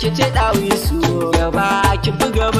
ki ce dawisu gaba ki gaba.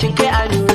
cin I do.